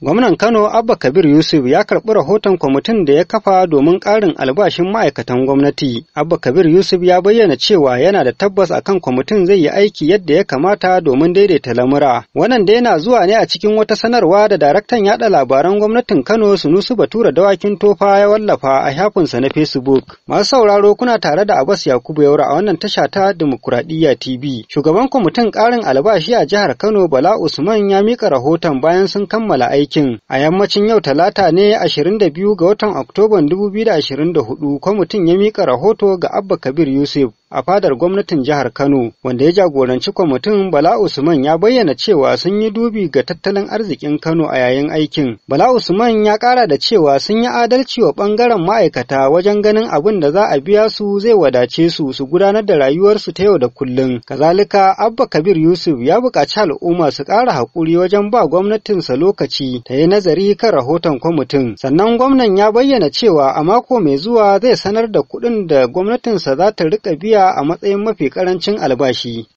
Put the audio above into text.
Gwamnan Kano Abba Kabir Yusuf ya karɓi rahoton kwamitin da ya kafa domin ƙarin albashin ma'aikatan gwamnati. Abba Kabir Yusuf ya bayyana cewa yana da tabbas akan kwamitin zai yi aiki yadda ya kamata domin daidaita lamura. Wannan da yana zuwa ne a cikin wata sanarwa da daraktan yaɗa labaran gwamnatin Kano Sunusu Batura Dawakin Tofa ya wallafa a shafinsa na Facebook. Masu sauraro kuna tare da Abbas Yakubu Yaura a wannan tasha ta Dimokuraɗiyya TV. Shugaban kwamitin ƙarin albashi a jihar Kano Bala Usman ya miƙa rahoton bayan sun kammala aiki. aikin a yammacin yau talata ne 22 ga watan oktoban 2024 kwamitin ya mika rahoto ga abba kabir yusuf a fadar gwamnatin jihar Kano wanda ya jagoranci kwamitin Bala Usman ya bayyana cewa sun yi dubi ga tattalin arzikin Kano a yayin aikin. Bala Usman ya kara da cewa sun yi adalci wa bangaren ma'aikata wajen ganin abin da za a biya su zai wadace su su gudanar da rayuwarsu ta yau da kullum. Kazalika Abba Kabir Yusuf ya buƙaci al'umma su ƙara haƙuri wajen ba gwamnatinsa lokaci ta yi nazari kan rahoton kwamitin. Sannan gwamnan ya bayyana cewa a mako mai zuwa zai sanar da kuɗin da gwamnatinsa za ta riƙa biya a matsayin mafi ƙarancin albashi.